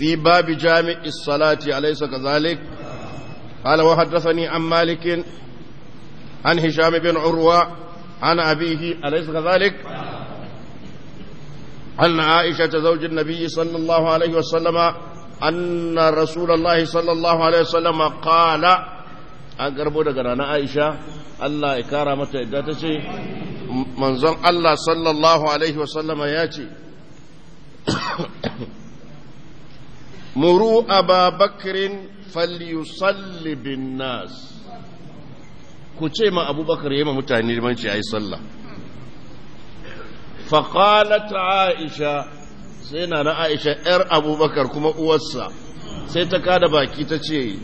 في باب جامع الصلاة أليس كذلك قال وحدثني عن مالك عن هشام بن عروة عن أبيه أليس كذلك عن عائشة زوج النبي صلى الله عليه وسلم أن رسول الله صلى الله عليه وسلم قال أقربوا دقنا عائشة الله إكرامة إداتتي منظم الله صلى الله عليه وسلم ياتي muru aba bakirin falyusalli bin nas ku ce ma abubakar yi ma mutane limanci a sallah faƙalata aisha sai na na aisha 'yar abubakar kuma uwarsa sai ta kada baki ta ce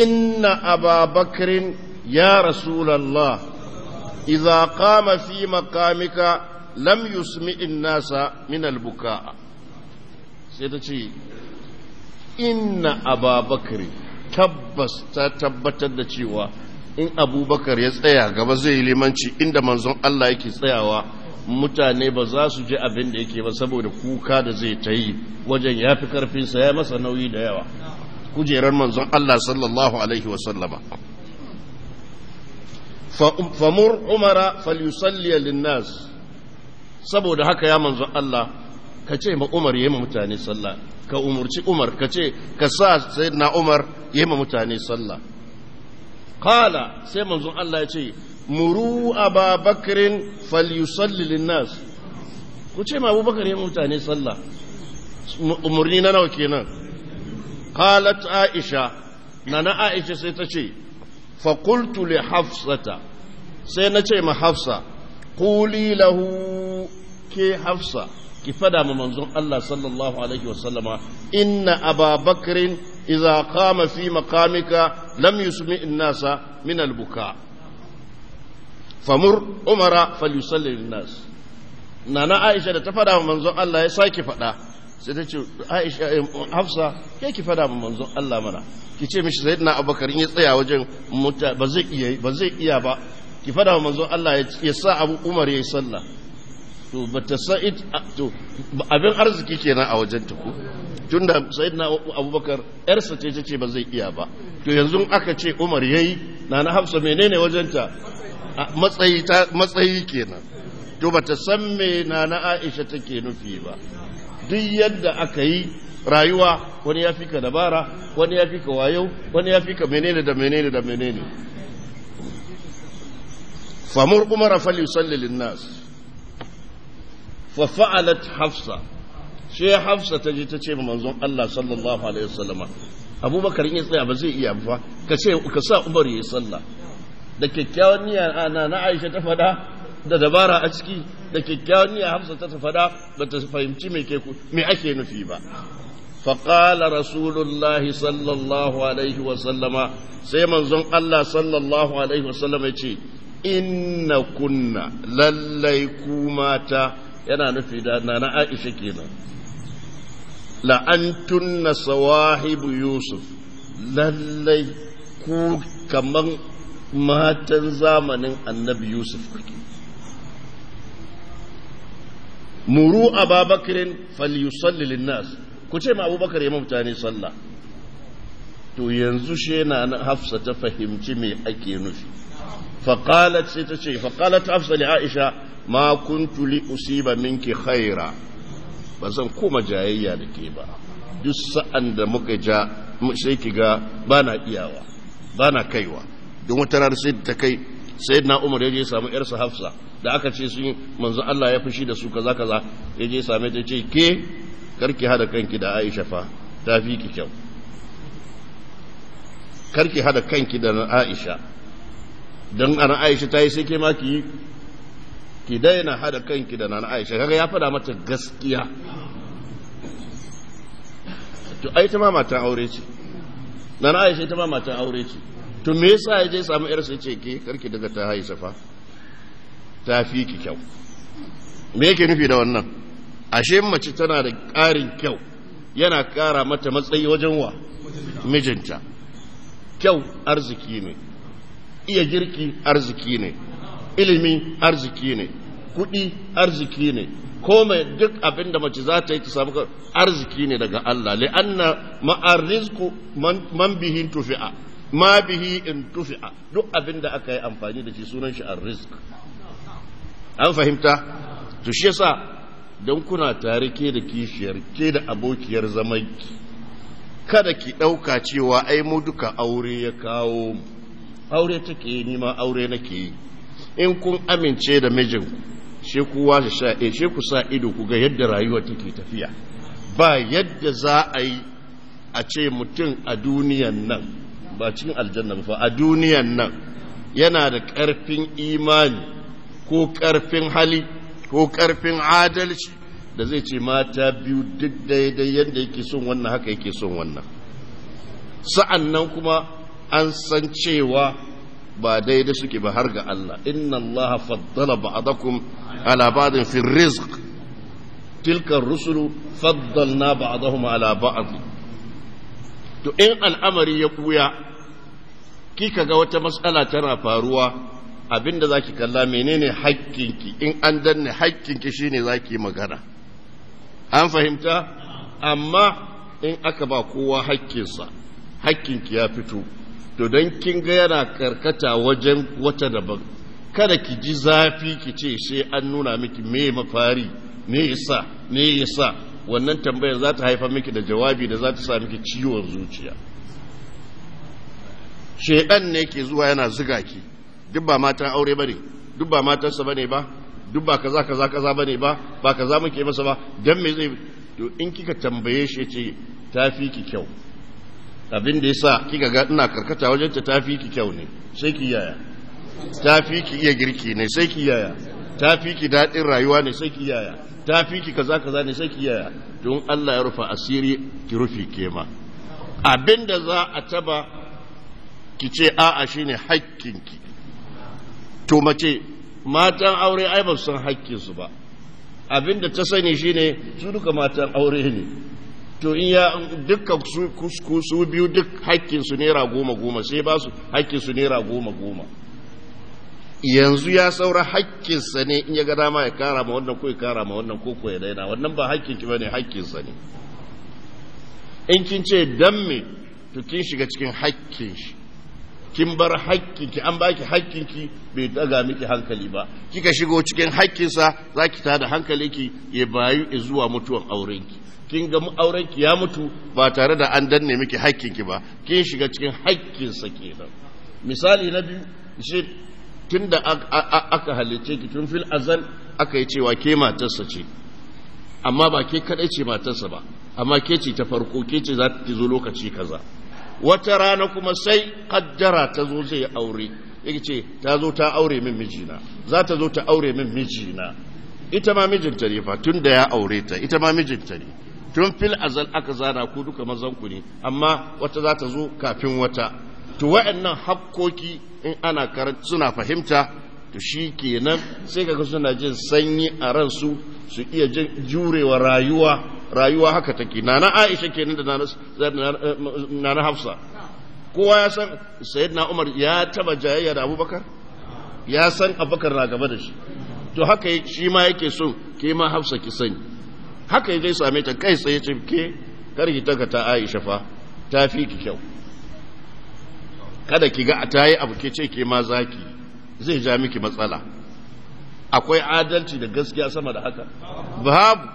inna ababakarin ya rasulallah iza kama fi makamika lam yusmi'in nasa min albuka'a sai ta ce inna ababakari tabbas ta tabbatar da cewa in abubakar ya tsaya gaba zai yi limanci inda manzon Allah yake tsayawa mutane ba za su je abin da yake ba saboda kuka da zai ta yi wajen ya fi karfinsa ya masa nauyi da yawa kujerar manzon Allah sallallahu alaihi wasallama famur umara falusalliya linnas saboda haka ya manzon Allah ka ce ma umar yayi mutane sallah ka umurci umar ka ce ka sa na umar yi ma mutane sallah Kala sai manzon Allah ya ce muru ababakrin falyusalli linnas ku ce ma abubakar yi mutane sallah umurni na nawa kenan qalat aisha na na aisha sai ta ce fa hafsata sai na ce ma hafsa ƙuli lahu ke hafsa ki fada ma manzon Allah sallallahu alaihi wasallama inna ababakrin idza qama fi maqamika lam yusmi an-nasa min albuka. famur umara falyusalli lin-nas nana Aisha da ta fada ma manzon Allah ya saki fada sai ta ce Aisha eh, Hafsa ke ki fada ma manzon Allah mana ki ce mishi sayyidina Abubakar in ya tsaya wajen ba zai iya ba zai iya ba ki fada ma manzon Allah ya sa Abu Umar yayi sallah to bata sa'id to abin arziki kenan a wajen ta ko tunda sa'id na abubakar yarsa ce ta ce ba zai iya ba to yanzu aka ce umar yayi na na hafsa menene wajen ta matsayi ta matsayi kenan to bata san me na na aisha take nufi ba duk yadda aka yi rayuwa wani ya fi ka dabara wani ya fi ka wayo wani ya fi ka menene da menene da menene famur umara fali sallilin linnas fa fa'alat hafsa she hafsa ta je ta ce ma manzon Allah sallallahu alaihi wasallama abubakar in ya tsaya ba zai iya ba ka ce ka sa umar yayi sallah da kyakkyawan na Aisha ta faɗa, da dabara a ciki da kyakkyawan niyya Hafsa ta fada bata fahimci mai ke me ake nufi ba fa qala rasulullahi sallallahu alaihi wa sallama sai manzon Allah sallallahu alaihi wa sallama yace inna kunna lallai ku mata yana nufi da nana Aisha kenan na sawahibu Yusuf lallai ku kaman matan zamanin annabi Yusuf kuke muru ababakirin falyusalli linnas ku ce ma abubakar ya mutane sallah to yanzu she na hafsa ta fahimci me ake nufi faƙalat sai ta ce faƙalat hafsa li aisha ma kuntu li usiba minki khaira ba zan koma jayayya da ke ba duk sa'an da muka ja sai ki ga ba na iyawa ba na kaiwa don wata rana sai ta kai sai na umar yaje samu yarsa hafsa da aka ce sun manzo Allah ya fushi da su kaza kaza Yaje je same ta ce ke karki hada kanki da Aisha fa ta fi ki kyau karki hada kanki da Aisha dan ana Aisha ta yi sai ke ma ki ki daina hada kanki da nana aisha kaga ya fada mata gaskiya to ai ta ma matan aure ce nana aisha ta ma matan aure ce to me yasa ya je samu yar sai ce ke karki daga ta haisa fa ta fi ki kyau me yake nufi da wannan ashe mace tana da ƙarin kyau yana ƙara mata matsayi wajen wa mijinta kyau arziki ne iya girki arziki ne ilimi arziki ne kuɗi arziki ne ko duk abin da mace za ta yi ta samu arziki ne daga Allah li'anna ma'ar rizku man bihin tufi'a ma bihi in tufi'a duk abin da aka yi amfani da shi sunan shi arrizq an fahimta to shi yasa don kuna tare ke da kishiyar ke da abokiyar zamanki kada ki ɗauka cewa ai mu duka aure ya kawo aure take yi nima aure nake yi in kun amince da mijinku shi kuwa sha eh, shi ku sa ido ku ga yadda rayuwar take tafiya ba yadda za a yi a ce mutum a duniyan nan ba cikin aljanna ba a duniyan nan yana da ƙarfin imani ko ƙarfin hali ko ƙarfin adalci da zai ce mata biyu duk daidai yadda yake son wannan haka yake son wannan sa'an nan kuma an san cewa ba daidai suke ba har ga Allah inna Allah faddala ba'dakum ala ba'din fi rizq tilka ar-rusul faddalna ba'dahum ala ba'd to in al'amari ya kuya kika ga wata matsala tana faruwa abinda zaki kalla menene hakkinki in an danne hakkinki shine zaki magana an fahimta amma in aka ba kowa hakkinsa hakkinki ya fito to don kin ga yana karkata wajen wata daban kada ki ji zafi ki ce sai an nuna miki me mafari me yasa me yasa wannan tambayar za ta haifar miki da jawabi da za ta sa miki ciwon zuciya shedan ne ke zuwa yana ziga ki duk ba matan aure bane duk ba matarsa bane ba duk ba kaza kaza kaza bane ba ba kaza muke masa ba dan me zai to in kika tambaye shi ce tafi ki kyau abin da ya sa kika ga ina karkata wajen ta tafi ki kyau ne sai ki yaya tafi ki iya girki ne sai ki yaya tafi ki dadin rayuwa ne sai ki yaya tafi ki kaza kaza ne sai ki yaya don Allah ya rufa asiri ki rufi ma abin da za a taba ki ce a'a shine hakkinki to mace matan aure ai ba su san hakkinsu ba abin da ta sani shine su duka matan aure ne to in ya duka su biyu duk su naira goma goma sai ba su su naira goma goma yanzu ya saura sa ne in ya ga dama ya kara ma wannan ko ya kara ma wannan ko ko ya daina wannan ba ki ba ne sa ne in kin ce dan me to kin shiga cikin haƙƙin shi kin bar ki an baki ki bai daga miki hankali ba kika shigo cikin haƙƙinsa za ki tada ki ya bayu zuwa mutuwan aurenki kin ga auren ki ya mutu ba tare da an danne miki haƙƙin ki ba kin shiga cikin haƙƙin sa kenan misali na biyu shi tunda aka halice ki tun fil azal aka yi cewa ke matarsa ce amma ba ke kadai ce matarsa ba amma ke ce ta farko ke ce za ta zo lokaci kaza wata rana kuma sai kaddara ta zo zai aure yake ce ta zo ta aure min mijina za ta zo ta aure min mijina ita ma mijinta ne fa tun da ya aure ta ita ma mijinta ne tun fil azal aka zana ku duka mazan ku ne amma wata za ta zo kafin wata to wa'annan hakkoki in ana karanta suna fahimta to shi kenan sai kaga suna jin sanyi a ransu su iya jin jurewa rayuwa rayuwa haka take nana Aisha kenan da nana Hafsa kowa ya san sayyidina Umar ya taba jayayya da Abubakar ya san Bakar na gaba da shi to haka shi ma yake so ke ma Hafsa ki sani haka ya zai same ta kai tsaye ce ke karki ta ta Aisha fa ta fi ki kyau kada ki ga ta yi abu ke ce ke ma zaki zai ja miki matsala akwai adalci da gaskiya sama da haka babu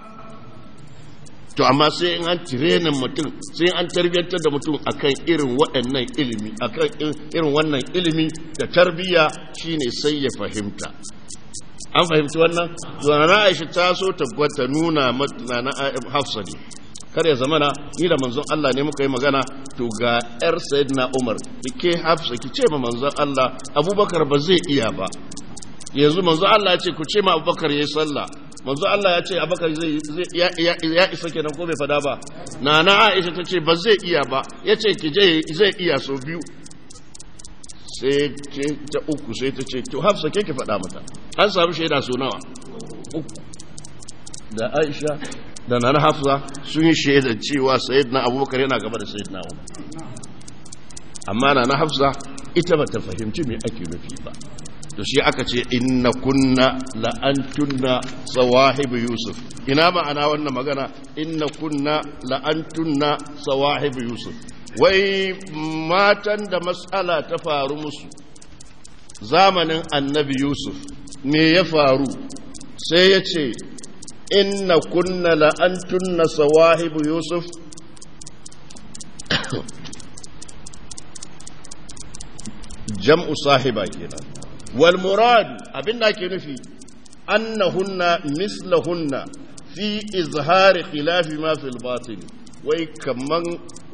to amma sai in an tirenin mutum sai an tarbiyyantar da mutum akan irin waɗannan ilimi akan irin wannan ilimi da tarbiyya shine sai ya fahimta an fahimci wannan zuwa Aisha ta so ta gwata nuna na Hafsa ne kar ya zamana ni da manzon Allah ne muka yi magana to ga yar na Umar ke Hafsa ki ce ma manzon Allah Abubakar ba zai iya ba yanzu manzon Allah ya ce ku ce ma Abubakar yi sallah Manzon Allah ya ce Abubakar zai ya isa kenan ko bai fada ba nana Aisha ta ce ba zai iya ba ya ce ki je zai iya so biyu sai ta uku sai ta ce to hafsa ke ki fada mata an samu shaida so nawa da aisha da nan hafsa sun yi shaida cewa sayyidina abubakar yana gaba da sayyidina umar amma nan hafsa ita ba ta fahimci me ake nufi ba to shi aka ce inna kunna la antunna sawahibu yusuf ina ma'ana wannan magana inna kunna la antunna sawahibu yusuf wai matan da matsala ta faru musu zamanin annabi yusuf me ya faru sai ya ce inna kunna la'antun na sawahibu yusuf jam'u sahiba kenan wal murad abin da ke nufi annahunna mislahunna fi izhari khilafi ma fil batin wai kaman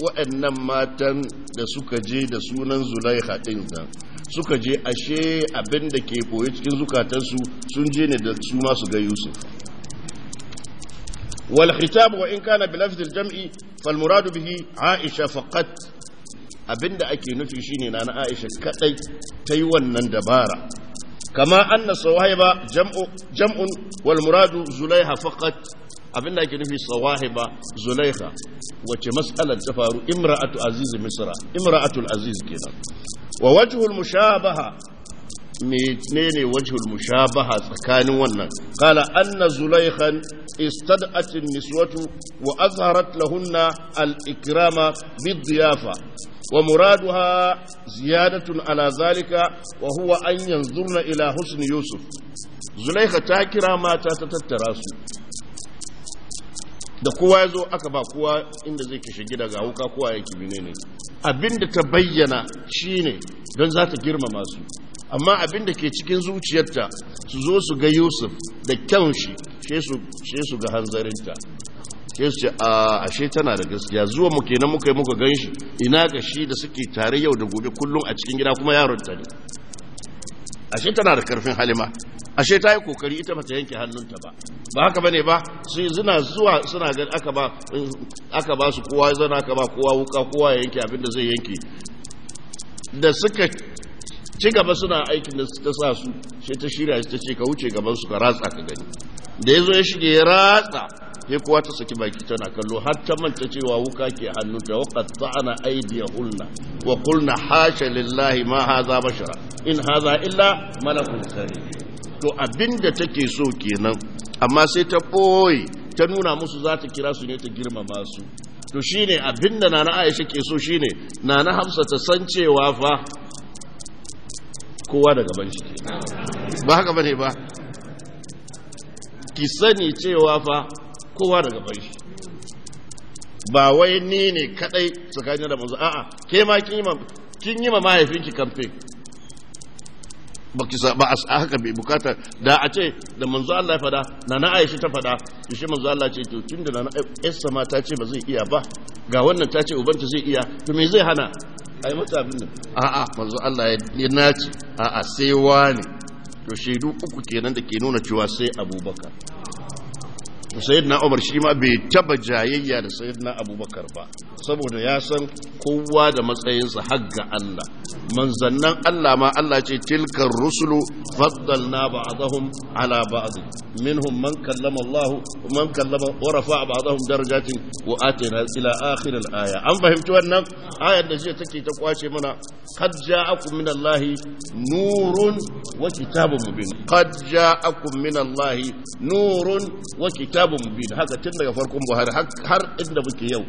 waɗannan matan da suka je da sunan zulaiha din nan suka je ashe abin da ke koyi cikin zukatansu sun je ne da su masu ga yusuf wal khitab wa in kana bi lafzil jam'i fal muradu bihi aisha faqat abinda ake nufi shine na na aisha kadai ta yi wannan dabara kama anna sawahiba jam'u jam'un wal muradu zulaiha faqat abinda ake nufi sawahiba zulaiha wace mas'alar ta faru imra'atu aziz misra imra'atul aziz kenan wa wajhul mushabaha menene mushabaha tsakanin wannan kala anna zulaykhan istad'at niswatu wa azharat lahunna al-ikrama bid-diyafa ومرادها زيادة على ذلك ila أن yusuf إلى ta kira mata ta tattara su da kowa ya zo aka ba kowa inda zai kashe gida ga wuka kowa ya kibi ne ne abinda ta bayyana shi ne don za ta girmama su amma abinda ke cikin zuciyarta su zo su ga yusuf da kyan shi shi su ga hanzarinta ke su ce a ashe tana da gaskiya zuwa mu kenan muka yi muka gan shi ina ga shi da suke tare yau da gobe kullum a cikin gida kuma yaron ta ne ashe tana da karfin halima ashe ta yi kokari ita bata yanke hannunta ba ba haka bane ba yi zina zuwa suna gani aka ba aka ba su kowa zana aka ba kowa wuka kowa ya yanke abinda zai yanke da suka ci gaba suna aikin da ta sa su sai ta shirya ta ce ka wuce gaban su ka ratsa ka gani da yazo ya shige ya ratsa sai kowa ta saki baki tana kallo har ta manta cewa wuka ke hannunta wa ya aydiyahunna wa qulna hasha lillahi ma hadha bashara in hadha illa malakun karim to abinda take so kenan amma sai ta boye ta nuna musu za ta kira su ne ta girmama su to shine abinda nana Aisha ke so shine nana Hafsa ta san cewa fa kowa da gaban shi ke ba haka bane ba ki sani cewa fa kowa da gaban shi ba wai ni ne kadai tsakanin da manzo a'a ke ma kin yi ma mahaifinki kamfe baki ba a haka bai bukata da a ce da manzo Allah ya fada na na Aisha ta fada shi manzo Allah ce to tunda na Aisha ma ta ce ba zai iya ba ga wannan ta ce ubanta zai iya to me zai hana ai mata abin nan a'a manzo Allah ya nace a'a sai wani to shaidu uku kenan da ke nuna cewa sai Abubakar sayyidina umar shi ma bai taba jayayya da sayyidina abubakar ba saboda ya san kowa da matsayinsa har ga allah manzannan Allah ma Allah ce tilkar rusulu faddalna ba'dahum ala ba'd minhum man kallama Allah man kallama a wa rafa'a ba'dahum darajatin wa atina ila akhirin aya an fahimci wannan ayar da jiya take ta kwace mana qad ja'akum min Allah nurun wa kitabun mubin qad ja'akum min Allah nurun wa kitabun mubin haka tun daga farkon Buhari har inda muke yau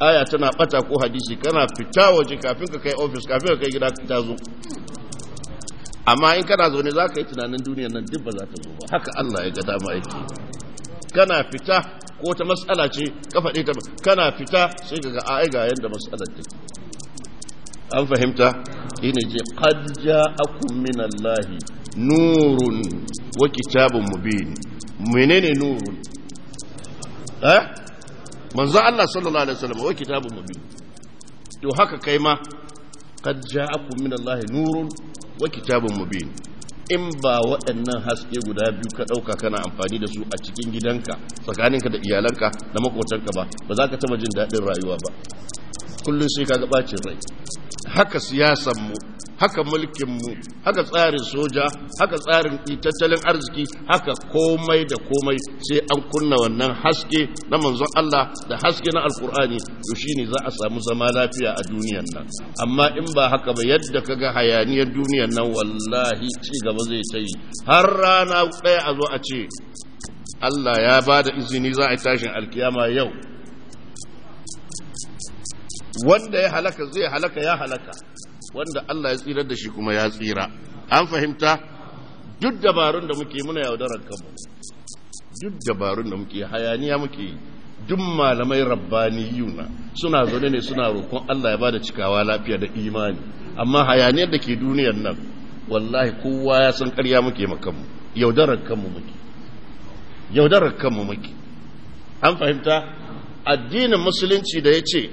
aya tana bata ko hadisi kana fita waje kafin ka kai ofis kafin ka kai gida ta zo amma in kana zaune za ka yi tunanin duniyar nan duk ba za ta zo ba haka Allah ya ga ma aiki. kana fita ko ta matsala ce ka faɗe ta kana fita sai ka ga ai ga yanda matsalar take an fahimta ina je qad ja'akum min Allah nurun wa kitabun mubin menene nurun eh manzo Allah sallallahu alaihi wasallam wa kitabun mubin to haka kai ma qad ja'akum min Allah nurun wa kitabun mubin in ba waɗannan haske guda biyu ka ɗauka kana amfani da su a cikin gidanka tsakaninka da iyalanka da makotanka ba ba za ka taɓa jin daɗin rayuwa ba kullum sai ka ga ɓacin rai haka siyasan mu haka mulkinmu haka tsarin soja haka tsarin tattalin arziki haka komai da komai sai an kunna wannan haske na manzon Allah da haske na alkur'ani to shine za a samu zama lafiya a duniyan nan amma in ba haka ba yadda kaga hayaniyar duniyan nan wallahi ci gaba zai ta yi har rana ɗaya a zo a ce Allah ya ba izini za a yi tashin alkiyama yau wanda ya halaka zai halaka ya halaka wanda Allah ya tsira da shi kuma ya tsira an fahimta duk dabarun da muke muna yaudarar kanmu duk dabarun da muke hayaniya muke duk malamai rabbaniyuna suna zaune ne suna roƙon Allah ya bada cikawa lafiya da imani amma hayaniyar da ke duniyar nan wallahi kowa ya san ƙarya muke makanmu yaudarar kanmu muke yaudarar kanmu muke an fahimta addinin musulunci da ya ce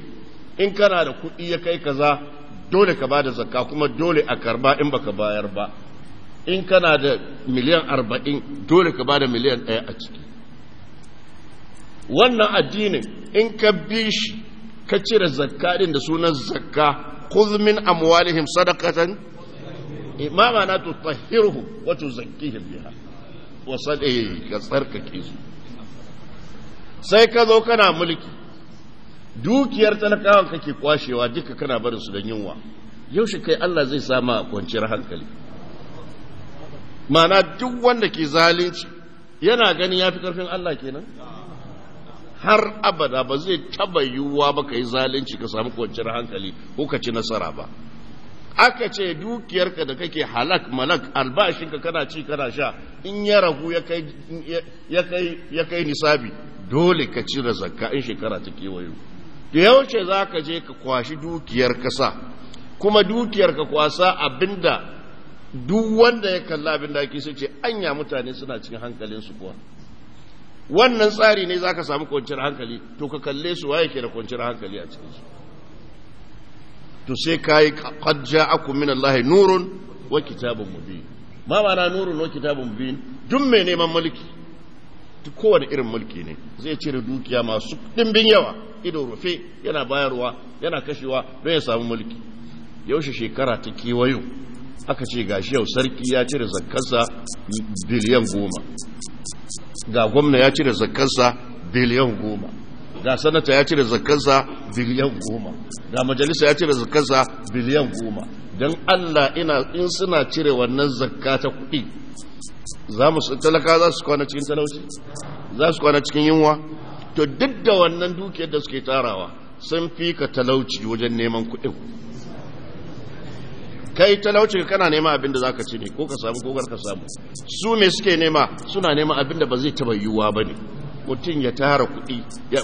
in kana da kuɗi ya kai kaza dole ka bada zakka kuma dole a karba in baka bayar ba in kana da miliyan arba'in dole ka bada miliyan ɗaya a ciki wannan addinin in ka bi shi ka cire zakka din da sunan zakka kuzmin amwalihim sadaqatan imama eh, na tutahhiruhu wa tuzakkihim biha wa sadaqi eh, ka tsarkake su sai ka zo kana mulki dukiyar talakawan kake kwashewa duka kana barin su don yunwa yaushe kai Allah zai sama kwanciyar hankali mana duk wanda ke zalunci yana gani ya fi karfin Allah kenan har abada ba zai taba yiwuwa ba ka yi zalunci ka samu kwanciyar hankali ko ka ci nasara ba aka ce dukiyarka da kake halak malak albashinka kana ci kana sha in ya ragu ya kai nisabi dole ka cire zakka in shekara ta kewayo to yaushe za ka je ka kwashi dukiyar kasa kuma dukiyar ka kwasa abinda duk wanda ya kalla abinda ake ce anya mutane suna cikin hankalinsu kuwa wannan tsari ne za ka samu kwanciyar hankali to ka kalle su waye ke da kwanciyar hankali a cikin su to sai ka yi kajja aku min Allah nurun wa kitabun mubin ma ma'ana nurun wa kitabun mubin duk mai neman mulki kowane irin mulki ne zai cire dukiya masu ɗimbin yawa ido rufe yana bayarwa yana kashewa don ya samu mulki yaushe shekara ta kewayo aka ce shi yau sarki ya cire zakkarsa biliyan goma ga gwamna ya cire zakkarsa biliyan goma ga sanata ya cire zakkarsa biliyan goma ga majalisa ya cire zakkarsa biliyan goma don allah ina in suna cire wannan zakka ta kuɗi za mu talaka za su kwana cikin talauci za su kwana cikin yunwa to duk da wannan dukiyar da suke tarawa sun fi ka talauci wajen neman kudin kai talauci ka kana nema abin da ka ci ne ko ka samu ko ka samu su me suke nema suna nema abin da ba zai taba yiwuwa ba ne. mutum ya tara kuɗi ya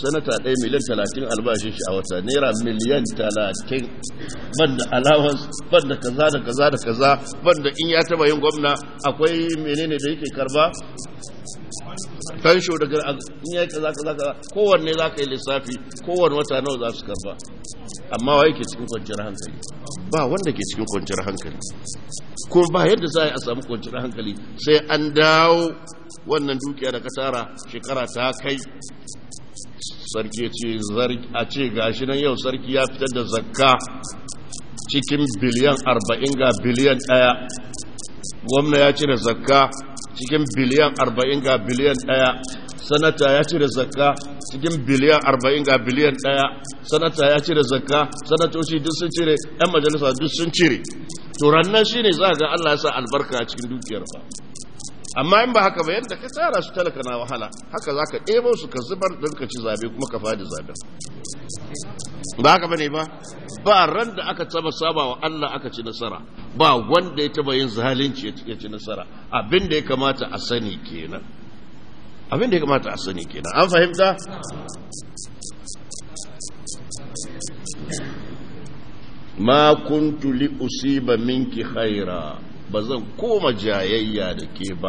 sanata ɗaya miliyan talatin albashin shi a wata naira miliyan talatin ban da allowance ban da kaza da kaza da kaza ban da in ya taba yin gwamna akwai menene da yake karba fansho daga in yayi kaza kaza kaza kowanne za ka yi lissafi kowanne wata nawa za su karba amma wa yake cikin kwanciyar hankali ba wanda ke cikin kwanciyar hankali ko ba yadda za a samu kwanciyar hankali sai an dawo wannan dukiya da ka tara shekara ta kai sarki ce a ce gashi nan yau sarki ya fitar da zakka cikin biliyan arba'in ga biliyan ɗaya gwamna ya ce da zakka cikin biliyan arba'in ga biliyan ɗaya sanata ya cire zakka cikin biliyan arba'in ga biliyan ɗaya sanata ya cire zakka sanatoci duk sun cire ɗan majalisa duk sun cire turannan shi ne za ga allah ya sa albarka a cikin dukiyar ba amma in ba haka ba yadda ka tsara su talaka na wahala haka za ka ɗebo su ka zubar don ka ci zabe kuma ka fadi zaben ba haka bane ba ba ran da aka taba saba wa Allah aka ci nasara ba wanda ya taba yin zalunci ya ci nasara abin da ya kamata a sani kenan abin da ya kamata a sani kenan an fahimta ma kuntu li usiba minki khaira bazan koma jayayya da ke ba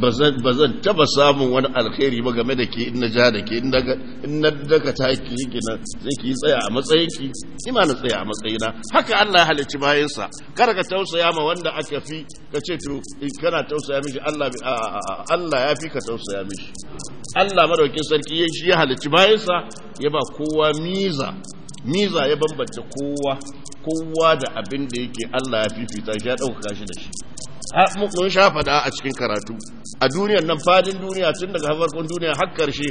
ba zan taba samun wani alkhairi ba game da ke in na ja da ke in daga ta ki yi gina zai ki tsaya a matsayin ki ima na tsaya a matsayina haka Allah ya halicci bayansa kada ka tausaya ma wanda aka fi ka ce to eh, kana tausaya mishi Allah ya fi ka tausaya mishi Allah madaukin sarki ya shi ya halicci bayansa ya ba kowa miza miza ya bambanta kowa kowa da abin da yake Allah ya fifita shi ya ɗaukaka shi da shi Ah, mun sha fada a cikin karatu a duniyar nan fadin duniya tun daga farkon duniya har karshe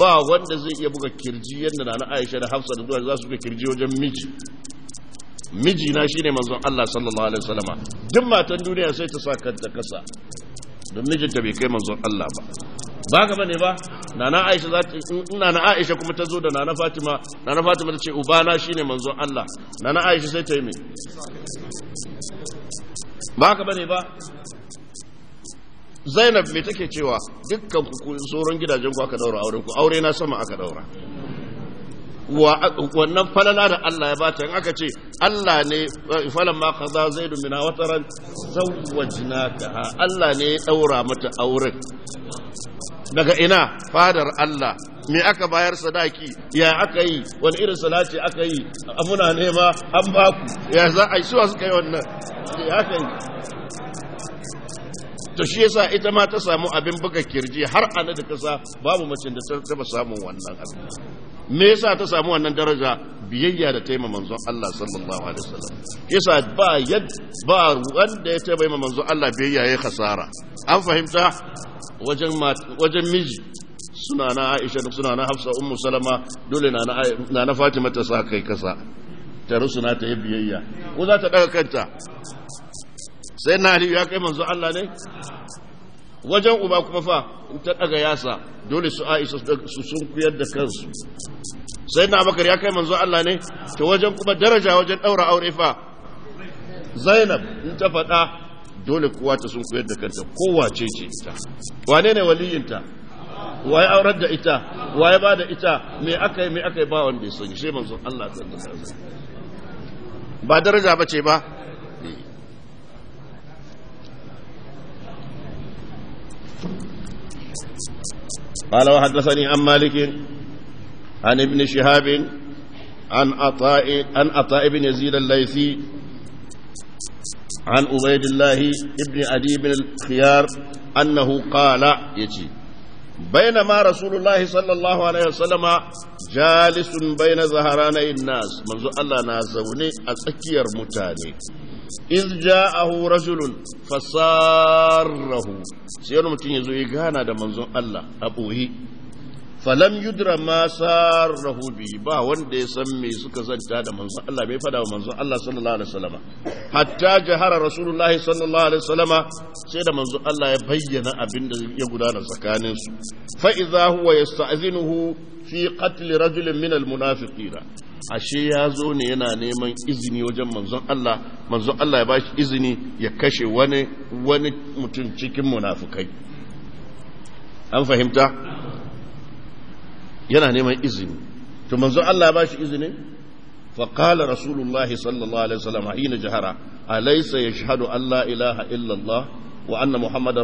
ba wanda zai iya buga kirji yadda na Aisha da Hafsa da Zuwa za su buga kirji wajen miji miji na shine manzon Allah sallallahu alaihi wasallama duk matan duniya sai ta sa kanta kasa don mijinta bai kai manzon Allah ba ba gaba ne ba nana aisha za ta nana aisha kuma ta zo da nana fatima nana fatima ta ce ubana shine manzon Allah nana aisha sai ta yi mai ba ka bane ba zainab me take cewa dukkan kukurin sauran gidajen ku aka daura auren ku aure na sama aka daura wannan falala da Allah ya bata in aka ce Allah ne falan ma kaza zaidu mina wataran zawwajnaka Allah ne ya daura mata auren daga ina fadar Allah me aka bayar sadaki ya aka yi wani irin salati aka yi muna nema an ba ku ya za a yi suwa suka yi wannan ya aka yi to shi yasa ita ma ta samu abin buga kirji har ana da kasa babu macin da ta ba samun wannan abin me yasa ta samu wannan daraja biyayya da taimama manzon Allah sallallahu alaihi wasallam yasa ba yad ba wanda ya taimama manzon Allah biyayya ya khasara an fahimta wajen wajen miji suna na aisha suna na hafsa ummu salama dole na na fatima ta sa kai kasa ta suna ta yi biyayya ko za ta daga kanta sai na aliyu ya kai manzo Allah ne wajen uba kuma fa ta daga yasa dole su aisha su sun kuyar da kansu sai na abakar ya kai manzo Allah ne ta wajen kuma daraja wajen daura aure fa zainab in ta faɗa dole kowa ta sun kuyar da kanta kowa ce ce ta wane ne waliyinta ya aurar da ita waye ba da ita me aka yi me aka yi ba wanda ya shi manzon Allah sallallahu alaihi wasallam ba daraja bace ba قال وحدثني عن مالك عن ابن شهاب عن عطاء عن عطاء بن يزيد الليثي عن عبيد الله ابن ادي بن الخيار انه قال يجي بين ما رسول الله صلى الله عليه وسلم جالس بين ظهراني الناس منذ الله نازوني أتكير متاني إذ جاءه رجل فساره سيرمتين يزوي غانا دا منذ الله أبوهي falam yudra ma sarrahu ba wanda ya san me suka zanta da manzon Allah bai fada wa manzon Allah sallallahu alaihi wasallam hatta jahara rasulullah sallallahu alaihi wasallam sai da manzon Allah ya bayyana abin da ya gudana tsakanin su fa idza huwa yasta'zinuhu fi qatl rajulin min almunafiqina ashe ya zo ne yana neman izini wajen manzon Allah manzon Allah ya bashi izini ya kashe wani wani mutum cikin munafikai an fahimta yana neman izini to manzo Allah ba shi izini فقال رسول الله صلى الله عليه وسلم حين جهر أليس يشهد أن لا إله إلا الله وأن محمد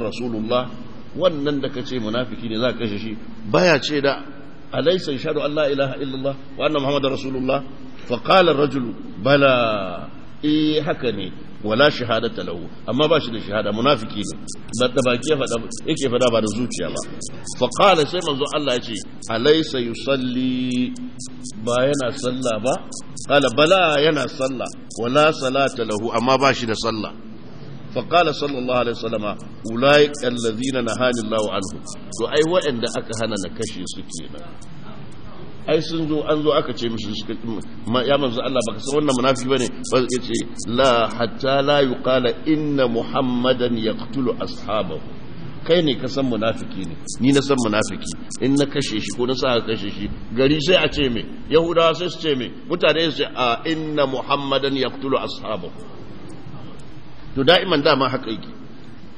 wannan da kace munafiki ne za ka kashe shi baya ce da alaysa yashhadu an la illa Allah, wa anna muhammadar rasulullah fa qala ar-rajulu bala eh haka ne wala shahadata lahu amma ba shi da shahada munafiki ne ba da baki ya fada yake faɗa ba da zuciya ba fa qala sai manzo Allah yace alaysa yusalli ba yana sallah ba qala bala yana sallah wala salata lahu amma ba shi da sallah فقال صلى الله عليه وسلم anhu. To ai الله aka hana na kashe su kenan ai sun zo an zo aka ce mishi suka ya manzo Allah baka san wannan munafiki bane ba zai ce la hatta la yuqala inna muhammadan yaqtulu ashabahu kai ne ka san munafiki ne ni na san munafiki in na kashe shi ko na sa ka kashe shi gari sai a ce me yahudawa sai su ce me mutane su ce a inna muhammadan yaqtulu ashabahu to da'iman dama haka yake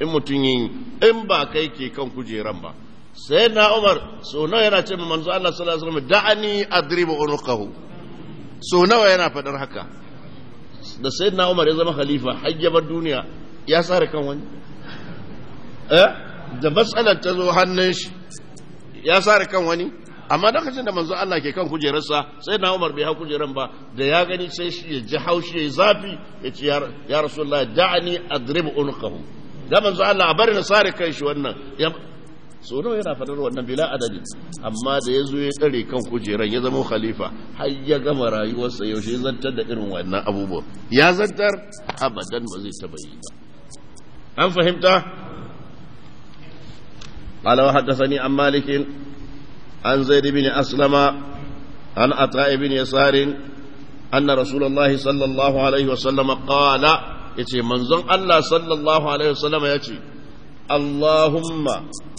in mutun yin in ba kai ke kan kujeran ba sai na umar so nawa yana ce ma manzo Allah sallallahu alaihi wasallam da'ani adribu unuqahu so nawa yana fadar haka da sai na umar ya zama khalifa hajjabar duniya ya sare kan wani eh da matsalar ta zo hannun shi ya sare kan wani amma lokacin da manzo Allah ke kan kujerarsa sai na Umar bai hau kujeran ba da ya gani sai shi ya ji haushi ya zafi ya ce ya Rasulullah da'ani adrib unqahu da manzo Allah a bari na sare kan shi wannan so nawa yana fadar wannan bila adadi, amma da ya zo ya tsare kan kujeran ya zama khalifa har ya gama rayuwarsa yaushe ya zantar da irin wannan abubuwan ya zantar abadan ba zai taba yi ba an fahimta قال وحدثني عن مالك عن زيد بن أسلم عن عطاء بن يسار أن رسول الله صلى الله عليه وسلم قال يتي منزل الله صلى الله عليه وسلم يتي اللهم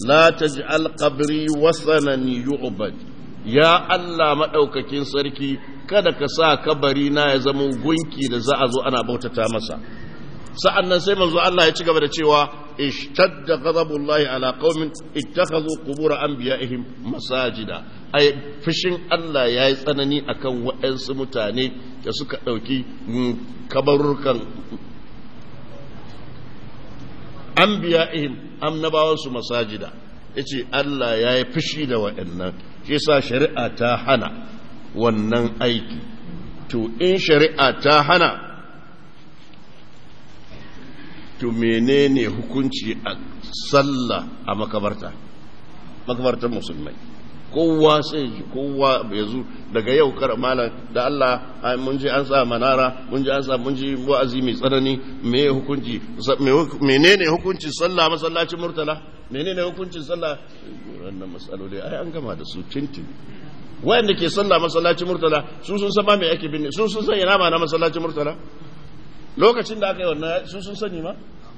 لا تجعل قبري وثنا يعبد يا الله مدوكاكين sarki, kada ka sa kabari na ya zama gunki da za a zo ana bautata masa sa'annan sai manzo Allah ya ci gaba da cewa ishtadda ghadabullahi ala qaumin ittakhadhu qubur anbiya'ihim masajida ai fushin Allah yayi tsanani akan waɗansu mutane da suka ɗauki mm, kabarurkan An biya anbiya'ihim annabawansu masajida yace Allah ya yi fushi da waɗannan shi sa shari'a ta hana wannan aiki to in shari'a ta hana to menene hukunci a sallah a makabarta makabartar musulmai kowa sai ji kowa ya zu daga yau kar malam da Allah mun ji an sa manara mun ji an sa mun ji wa'azi mai tsanani me hukunci menene hukuncin sallah masallacin murtala menene hukuncin sallah wannan masaloli ai an gama da su tintin wayanda ke sallah masallacin murtala su sun san ma me yake binne su sun san ina ma na masallacin murtala lokacin da aka yi wannan su sun sani ma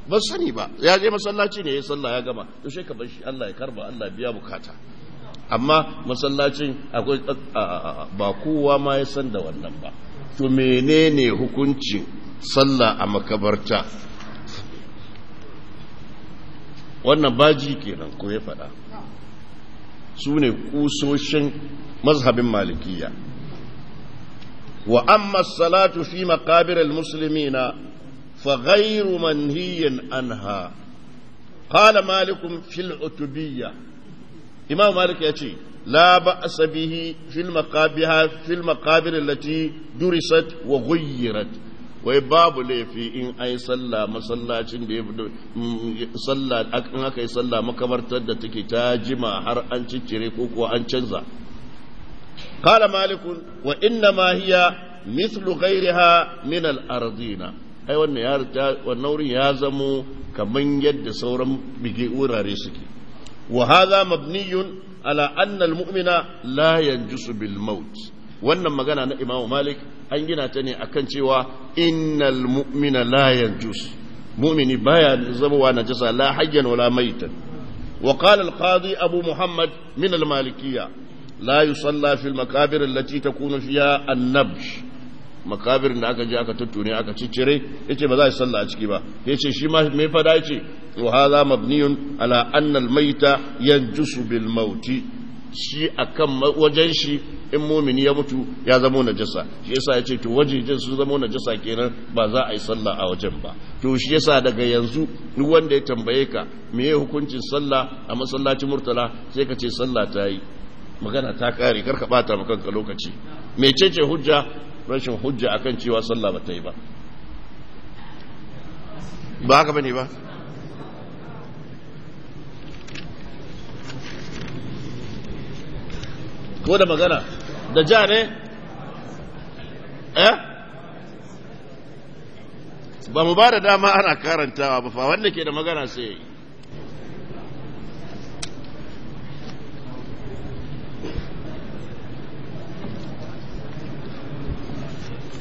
ba sani ba ya je masallaci ne ya sallah ya gama to sai ka bar shi Allah ya karba Allah biya bukata amma masallacin akwai ba kowa ma ya san da wannan ba to menene hukuncin sallah a makabarta wannan baji kenan ko ya faɗa su ne kusoshin mazhabin malikiya wa amma salatu fi maqabir al-muslimina fa ghayru manhiyin anha qala malikum fil utubiyya imam malik ya ce la asabihi bihi fil maqabiha fil maqabir allati durisat wa ghayyirat wai babu laifi in ai sallah masallacin da ya mm, sallah in aka yi sallah makabartar da take ta jima har an ciccire ko kuwa an canza Kala مالك وإنما هي مثل غيرها من الأرضين أي وأن يارتا والنور يازمو كمن يد سورا بجي wurare suke. wa hadha ala anna almu'mina la yanjusu wannan magana na imamu malik an gina ta ne akan cewa innal mu'mina la yanjus mu'mini baya zamowa najasa la hayyan wala maitan wa qala al qadi abu muhammad min al malikiyya la yusalla fi al makabir allati takunu fiha an nabsh makabirin da aka je aka tuttune aka ciccire yace ba za a yi sallah a ciki ba yace shi ma me fada yace wa hadha mabniyun ala anna al yanjusu bil mauti shi akan wajen shi in mumini ya mutu ya zamo najasa shi yasa yace to wajejen su zamo najasa kenan ba za a yi sallah a wajen ba to shi yasa daga yanzu duk wanda ya tambaye ka ya hukuncin sallah a masallacin murtala sai ka ce sallah ta yi magana ta kare karka bata maka kanka lokaci mecece hujja rashin hujja akan cewa sallah ba ta yi ba ba haka bane ba ko da magana da ja ne eh ba mu ba da dama ana karantawa ba fa wanda ke da magana sai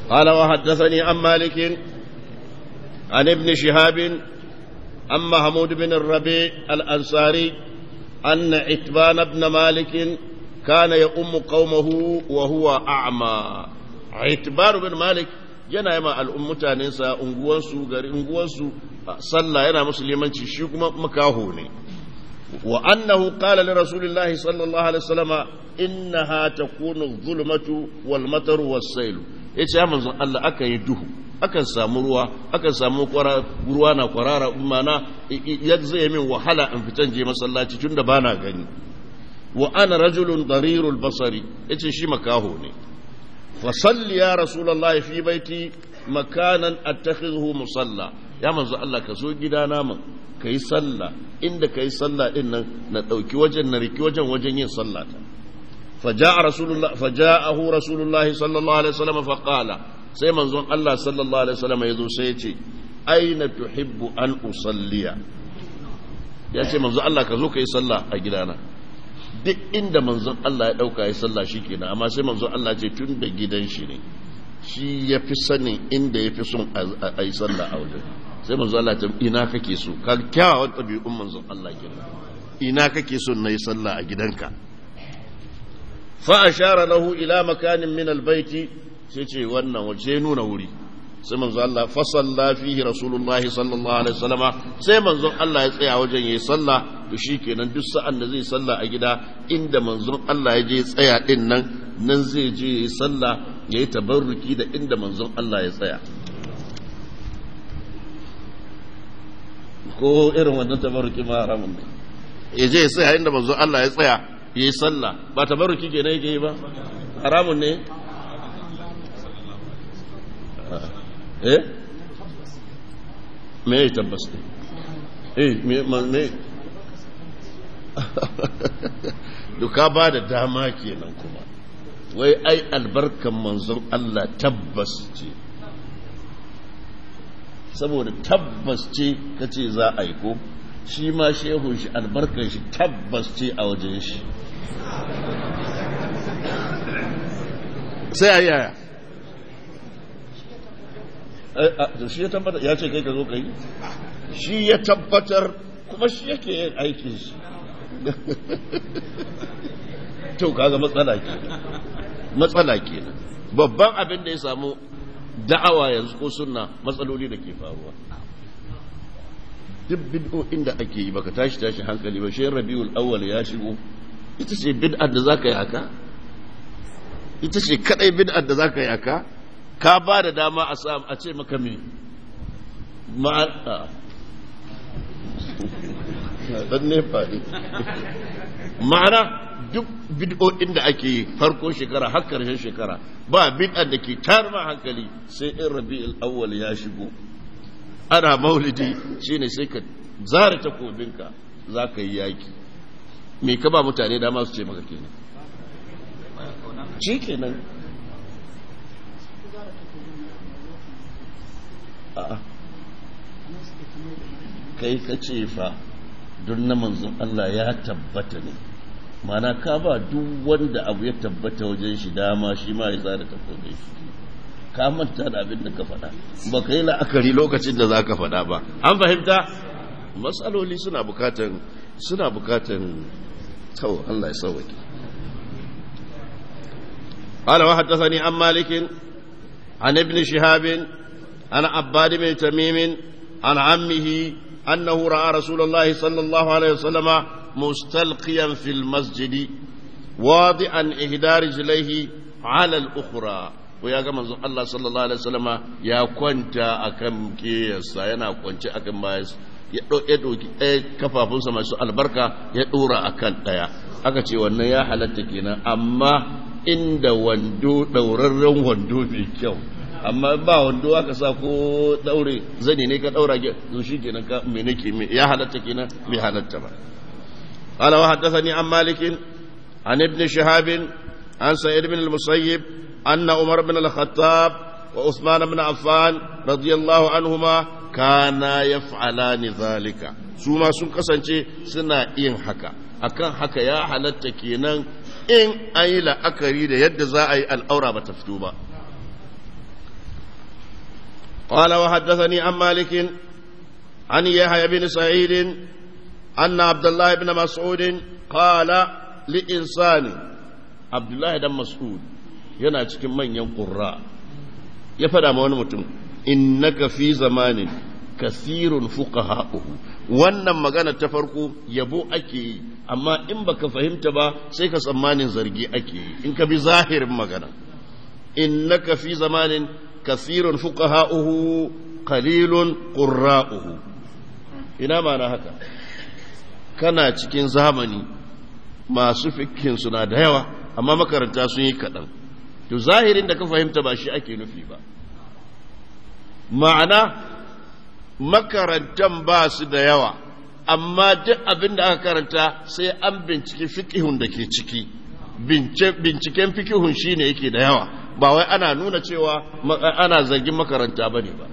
قال وحدثني عن مالك عن ابن شهاب عن محمود بن الربيع الأنصاري أن عتبان بن مالك كان يؤم قومه وهو أعمى عتبان بن مالك yana yi ma al'ummutaninsa unguwansu gari unguwansu sallah yana musulmanci shi kuma makaho ne wa annahu qala li rasulillahi sallallahu alaihi wasallama innaha takunu zulmatu wal mataru was sailu ya ce ya Allah aka yi duhu akan samu ruwa akan samu ruwa na kwarara mana yadda zai min wahala in fitan je masallaci tun da bana gani wa ana rajulun darirul basari yace shi makaho ne fa salli ya fi baiti makanan attakhidhu musalla ya manzo Allah ka zo gidana ka kai salla inda kai sallah din nan na dauki wajen na riki wajen wajen yin sallata فجاء رسول الله فجاءه رسول الله صلى الله عليه وسلم فقال sai manzon Allah sallallahu alaihi wasallam ya zo sai ya ce aina tuhibbu an ya ce manzon Allah ka zo ka yi sallah a gidana duk inda manzon Allah ya ɗauka ya sallah kenan amma sai manzon Allah ce tun da gidan shi ne shi ya fi sanin inda ya fi son a yi sallah a wajen sai manzon Allah ce ina kake so kyawawan ɗabi'un manzon Allah kenan ina kake so na yi sallah a gidanka fa ashara lahu ila makanin min albayti sai ce wannan waje nuna wuri sai manzo Allah fa salla fihi rasulullah sallallahu alaihi wasallama sai manzon Allah ya tsaya wajen yayi salla to shikenan duk sa'an da zai salla a gida inda manzon Allah ya je tsaya din nan nan zai je yayi salla yayi tabarruki da inda manzon Allah ya tsaya ko irin wannan tabarruki ma haramun ne ya je ya tsaya inda manzon Allah ya tsaya Yi sallah ba tabarruki na yake yi ba haramun ne eh, eh? me ya tabbas ne eh me ne duka ba da dama kenan kuma wai ai albarkan manzon Allah tabbas ce saboda tabbas ce kace za a yi ko shi ma shehun shi albarkan shi tabbas ce a wajen shi sai a yi yaya eh, eh, shi ya tabbatar ya ce kai ka zo ka yi shi ya tabbatar kuma shi yake yin aikin shi to kaga matsala kenan matsala kenan babban abin da ya samu da'awa yanzu ko suna matsaloli da ke faruwa duk bid'o'in da ake yi baka tashi tashi hankali ba shi rabiul awwal ya shigo ita ce bid'ar da zaka yaka ita ce kadai bid'ar da zaka yaka ka ba da dama a ce maka me ma'ana duk bid'o'in da ake yi farko shekara har karshen shekara ba bid'ar da ke tarma hankali sai in rabi'ul awwal ya shigo ana maulidi shine sai ka zara takobinka za ka yi yaki me ka ba mutane dama su ce maka kenan shi kenan kai ka ce fa don na manzon Allah ya tabbata ne mana ka ba duk wanda abu ya tabbata wajen shi dama shi ma ya tsara takobin shi ka manta da abin da ka faɗa ba ka yi la'akari lokacin da za ka faɗa ba an fahimta matsaloli suna bukatan suna bukatan kawo Allah wa haddasa ni an malikin an ibn shihabin an abadi mai tamimin an ammihi an na hura a rasulallah sallallahu alaihi wasallama mustalqiyan fil masjidi wadi an ihdari zilaihi alal ukhra ko ya ga manzo Allah sallallahu alaihi wasallama ya kwanta akan kiyarsa yana kwance akan bayansa ya ɗauki kafafunsa masu albarka ya ɗora a kan ɗaya aka ce wannan ya halatta kenan amma inda wando ɗaurarren wando mai kyau amma ba wando aka sa ko ɗaure zane ne ka ɗaura ke zushi kenan ka mai nake ya halatta kenan mai halatta ba ala haddasa ni an malikin an ibn shahabin an sa'id ibn al-musayyib anna umar ibn al-khattab wa usman ibn affan radiyallahu anhuma kana ya ni zalika su ma sun kasance suna yin haka akan haka ya halatta kenan in an yi la'akari da yadda za a yi al'aura ba ta fito ba قال وحدثني عن an عن يحيى بن bin saidin عبد الله bin مسعود قال li'in sani abdullahi dan مسعود yana cikin manyan ƙurra ya faɗa ma wani mutum innaka fi zamanin kasirun fuqaha'uhu wannan magana ta farko yabo ake yi amma in baka fahimta ba sai ka tsammanin zargi ake yi in ka bi zahirin magana innaka fi zamanin kasirun fuqaha'uhu qalilun ƙurrauhu ina mana haka kana cikin zamani masu fikin suna da yawa amma makaranta sun yi kaɗan to zahirin da ka fahimta ba shi ake nufi ba ma'ana makarantan ba su da yawa amma duk abin da aka karanta sai an bincike fikihun da ke ciki binciken fikihun shi ne yake da yawa ba wai ana nuna cewa ana zargin makaranta ba ne ba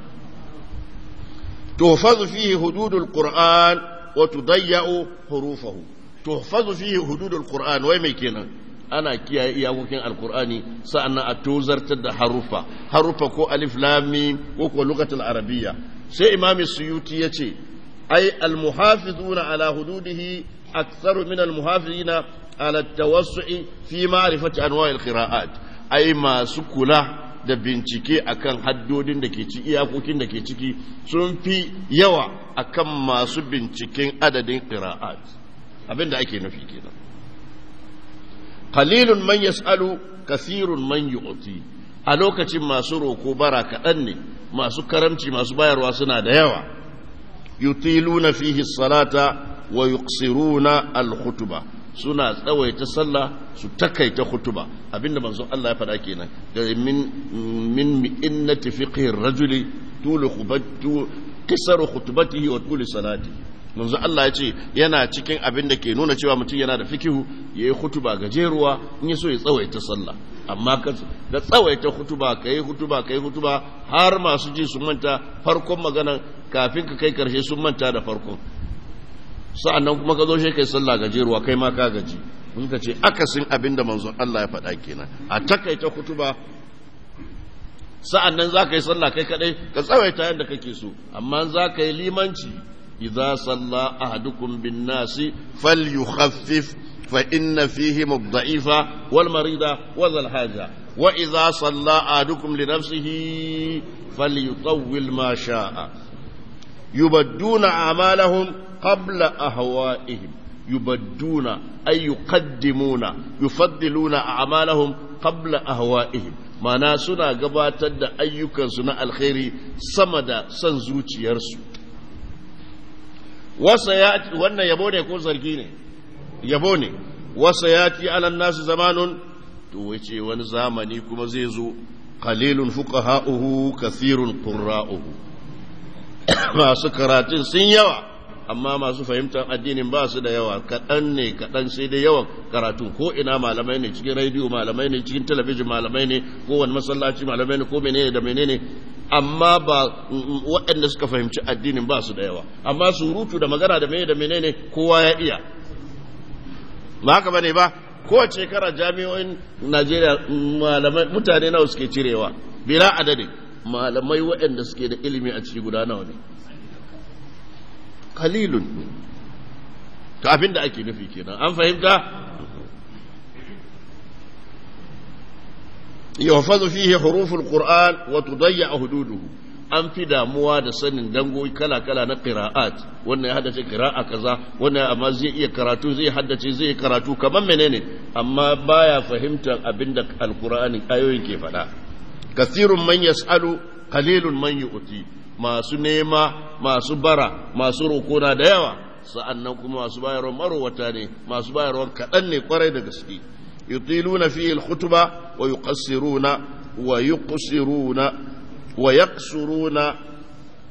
tuhfazu fihi hududul qur'an wa tudayya'u hurufahu tuhfazu fihi hududul qur'an wai mai kenan ana kiyaye iyakokin alkur'ani sa'annan a tozartar da harufa harufa ko alif lam mim ko ko lugatul arabiyya sai imam suyuti ya ce ai almuhafizuna ala hududihi aktsaru min na ala tawassu'i fi ma'rifati anwa' alqira'at ai masu kula da bincike akan haddodin da ke ci iyakokin da ke ciki sun fi yawa akan masu binciken adadin qira'at abinda ake nufi kenan qalilun man yas'alu kasirun man yu'ti a lokacin masu roko bara kaɗan ne masu karamci masu bayarwa suna da yawa yutiluna fihi salata wa yuqsiruna al suna tsawaita sallah su takaita hutuba abinda manzo Allah ya faɗa kenan da min min innati fiqhi ar-rajuli tulu khutbatu kisaru khutbatihi wa tulu salati manzo Allah ya ce yana cikin abinda ke nuna cewa mutum yana da fikihu yayi hutuba gajeruwa in ya so ya tsawaita sallah amma ka da tsawaita hutuba kai hutuba kai hutuba har masu ji sun manta farkon magana kafin ka kai karshe sun manta da farkon sa'annan kuma ka zo shi kai sallah gajeruwa kai ma ka gaji mun ka ce akasin abinda manzon Allah ya faɗa kenan a takaita hutuba sa'annan za ka yi sallah kai kadai ka tsawaita yadda kake so amma za ka yi limanci idza salla ahadukum bin nasi falyukhaffif فإن فيهم الضعيف والمريض وذا الحاجة وإذا صلى أحدكم لنفسه فليطول ما شاء يبدون أعمالهم قبل أهوائهم يبدون أي يقدمون يفضلون أعمالهم قبل أهوائهم mana suna gabatar da ayyukansu na alkhairi sama da son zuciyarsu wasa ya wannan yabo ne ko zargi ne yabo ne wasa ya ci alan nasu zamanun to wace wani zamani kuma zai zo fuka ha'uhu kathirun qurra'uhu masu karatun sun yawa amma masu fahimtar addinin ba su da yawa kaɗan ne kaɗan sai dai yawan karatun. ko ina malamai ne cikin rediyo malamai ne cikin talabijin malamai ne ko wani masallaci malamai ne ko menene da menene amma ba mm, mm, waɗanda suka fahimci addinin ba su da yawa amma surutu da magana da mene da menene kowa ya iya ba haka bane ba kowace shekara jami'o'in Najeriya malamai mutane nawa suke cirewa bila adadin malamai waɗanda suke da ilimi a ciki guda nawa ne kalilun ta abin da ake nufi kenan an fahimta yahfazu fihi huruful wato wa a hududu an fi damuwa da sanin dangoyi kala-kala na qira'at wannan ya haddace qira'a kaza wannan amma zai iya karatu zai haddace zai yi karatu kamar menene amma baya fahimtar abinda alqur'ani ayoyin ke faɗa kasirun man yas'alu qalilun man yu'ti masu nema masu bara masu rokona da yawa sa'annan kuma masu bayarwa marwata ne masu bayarwa kaɗan ne kwarai da gaske yutiluna fi alkhutba wa yuqassiruna wa yuqsiruna wa yaqsuruna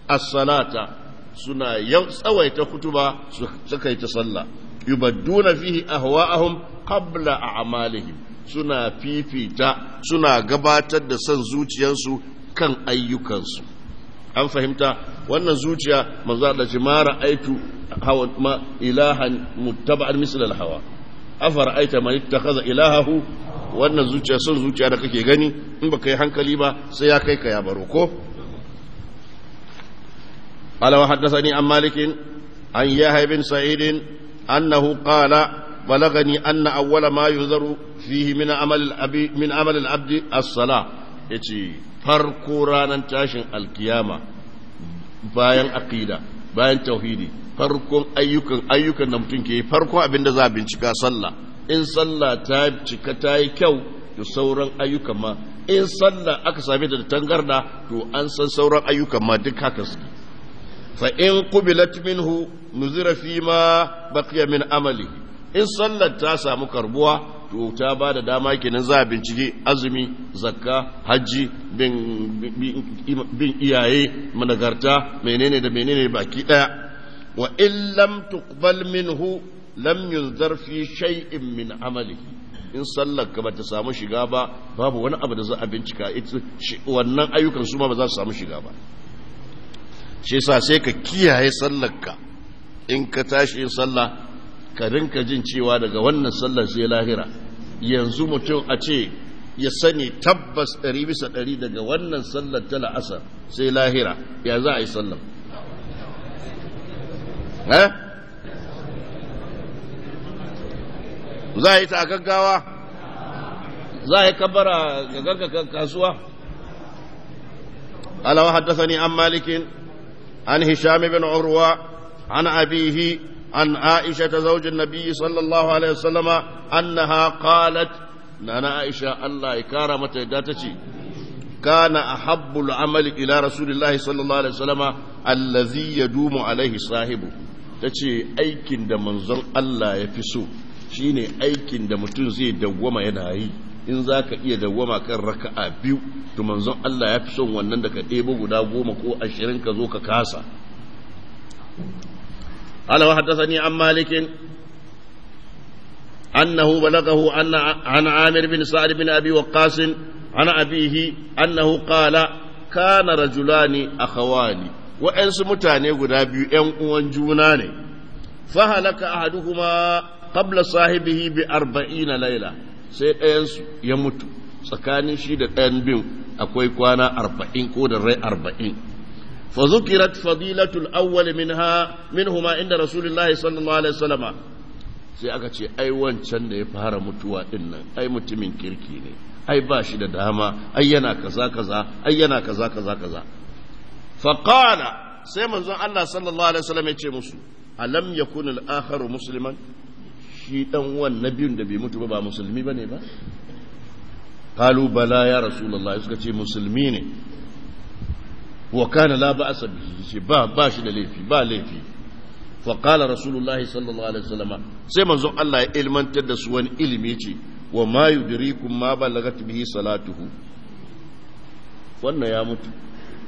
as-salata suna yau tsawaita kutuba su sakaita sallah yubadduna fihi ahwa'ahum qabla a'malihim suna fifita suna gabatar da son zuciyarsu kan ayyukansu an fahimta wannan zuciya manzo Allah ji mara aitu hawa ma ilahan muttaba'an misl al-hawa aita man ittakhadha ilahahu wannan zuciya sun zuciya da kake gani in ba ka yi hankali ba sai ya kai ka ya baro ko alawa haddasa an malikin an yi haibin sa'idin an na balagani Anna, awwala ma zaru fihi min amalin abdi Asala. ya ce farko ranar tashin alkiyama bayan akida bayan tauhidi farkon ayyukan ayyukan da mutum ke farko abinda za a bincika sallah in sallah ta cika ta yi kyau Da sauran ayyukan ma in sallah aka same ta da tangarda to an san sauran ayyukan ma duk haka suke fa in qubilat minhu nuzira fi ma baqiya min amali in sallar ta samu karbuwa to ta ba da dama kenan za a bincike azumi zakka hajji bin iyaye managarta menene da menene baki daya wa in lam tuqbal minhu lam yuzdar fi shay'in min amali in sallar ka ta samu shiga ba babu wani abu da za a bincika wannan ayyukan su ma ba za su samu shiga ba shi yasa sai ka kiyaye sallar ka in ka tashi yin sallah ka rinka jin cewa daga wannan sallar sai lahira yanzu mutum a ce ya sani tabbas ɗari bisa ɗari daga wannan sallar ta la'asar sai lahira ya za a yi sallar eh? za a yi ta gaggawa za a yi kabara ga gaggaga kasuwa alawa ni an malikin an hisham bin urwa an abihi an aisha ta zaujin nabi sallallahu alaihi wasallama annaha qalat nana aisha Allah ya kara mata yadda ta ce kana ahabbul amali ila rasulillahi sallallahu alaihi wasallama allazi yadumu alaihi sahibu tace aikin da manzon Allah ya fi so Shi ne aikin da mutum zai dawwama yana yi in za ka iya dawwama kan raka'a biyu to manzon Allah ya fi son wannan da ka ɗebo guda goma ko ashirin ka zo ka kasa ala wa ni an malikin annahu balagahu hu, an amir bin sa'ad bin abi waqqas an abihi annahu qala kana rajulani akhawani wa'ansu mutane guda biyu ƴan uwan juna ne fa halaka ahaduhuma qabla sahibihi bi arba'ina laila sai ɗayansu ya mutu tsakanin shi da ɗayan bin akwai kwana arba'in ko da rai arba'in fa zukirat fadilatul awwal minha minhuma inda rasulullahi sallallahu alaihi wasallama sai aka ce ai wancan da ya fara mutuwa din nan ai mutumin kirki ne ai ba shi da dama ai yana kaza kaza ai yana kaza kaza kaza fa qala sai manzon Allah sallallahu alaihi wasallam ya ce musu alam yakun al-akharu musliman shi dan wan na biyun da bai mutu ba ba musulmi bane ba qalu bala ya rasulullahi suka ce musulmi ne wa kana la ba asabi shi ba ba shi da laifi ba laifi fa qala rasulullahi sallallahu alaihi wasallam sai manzo Allah ya ilmantar da su wani ilimi ce wa ma yudrikum ma balagat bihi salatuhu wannan ya mutu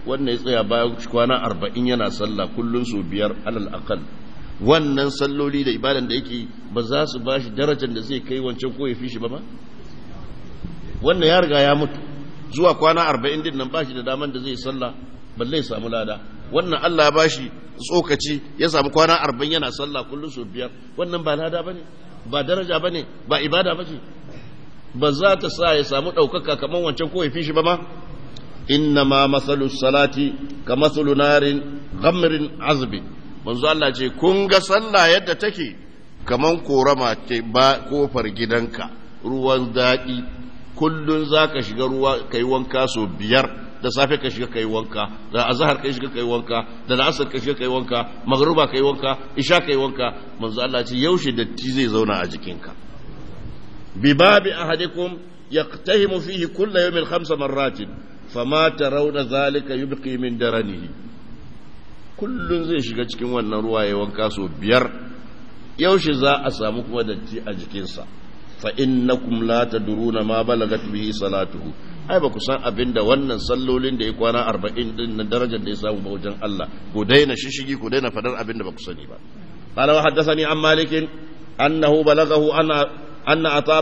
wannan ya tsaya bayan kwana 40 yana sallah kullun su biyar alal aqal wannan salloli da ibadan da yake ba za su ba shi darajar da zai kai wancan ko ya fi shi ba ba wannan ya riga ya mutu zuwa kwana arba'in din nan ba shi da daman da zai sallah balle ya samu lada wannan Allah ba shi tsokaci ya samu kwana arba'in yana sallah kullum su biyar wannan ba lada ba ne ba daraja ba ne ba ibada ba ba za ta sa ya samu ɗaukaka kamar wancan ko ya fi shi ba ma إنما مثل salati, كمثل نار غمر عزب manzo Allah ce kun ga sallah yadda take kaman korama ce ba kofar gidanka ruwan daɗi kullun za ka shiga ruwa ka yi wanka so biyar da safe ka shiga ka wanka da azahar ka shiga ka wanka da la'asar ka shiga ka wanka magruba ka wanka isha kai wanka manzo Allah ce yaushe datti zai zauna a jikinka bi babi ahadikum yaqtahimu fihi kullu yawmin khamsa marratin fama tarawna zalika yubqi min daranihi kullum zai shiga cikin wannan ruwa ya wanka so biyar yaushe za a samu kuma datti a jikinsa fa innakum la tadruna ma balagat bihi salatuhu ai ba ku san abin da wannan sallolin da ya kwana 40 din na darajar da ya samu ba wajen Allah ku daina shishigi ku daina fadar abin da ba ku sani ba قال وحدثني An مالك أنه بلغه أن أن عطاء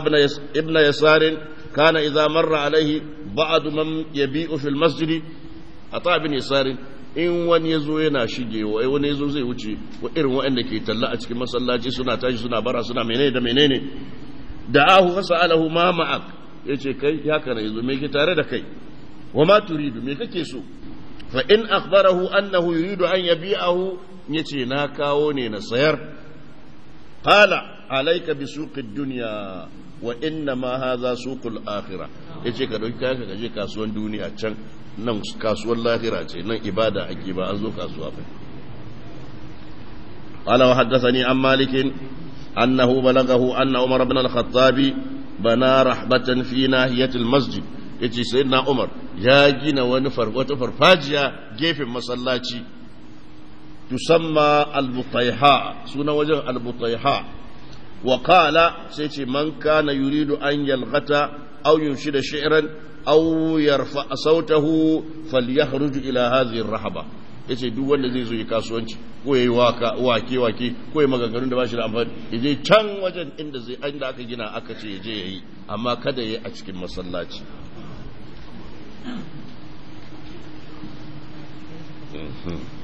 Ibn يسار كان إذا مر عليه بعض من يبيع في المسجد عطاء بن يسار in wani ya zo yana shigewa ai eh, wani ya zo zai wuce wa irin waɗanda ke talla a cikin masallaci suna tashi suna bara suna menene da menene da'ahu alahu ma ma'ak yace kai ya kana yazo me ke tare da kai wa ma turidu me kake so fa in akhbarahu annahu yuridu an yabi'ahu yace na kawo ne na sayar Fala alayka bi suqid dunya wa inna ma hadha suqul akhirah yace ka dauki kayan ka je kasuwan duniya can nan kasuwar lahira ce nan ibada ake ba an zo kasuwa ba قال وحدثني عن مالك أنه بلغه أن عمر بن الخطاب بنى رحبة في ناحية المسجد yace sayyidina Umar ya gina wani wata farfajiya gefen masallaci tusamma al-butayha sunan wajen al-butayha wa qala sai ce man kana yuridu an yalghata aw yunshida shi'ran aw yarfa sautahu falyahruj ila rahaba yace duk wanda zai zo yi kasuwanci ko yayi waka wake wake ko yayi maganganun da bashi da amfani yaje can wajen inda zai inda aka gina aka ce yaje yayi amma kada yayi a cikin masallaci Mm-hmm.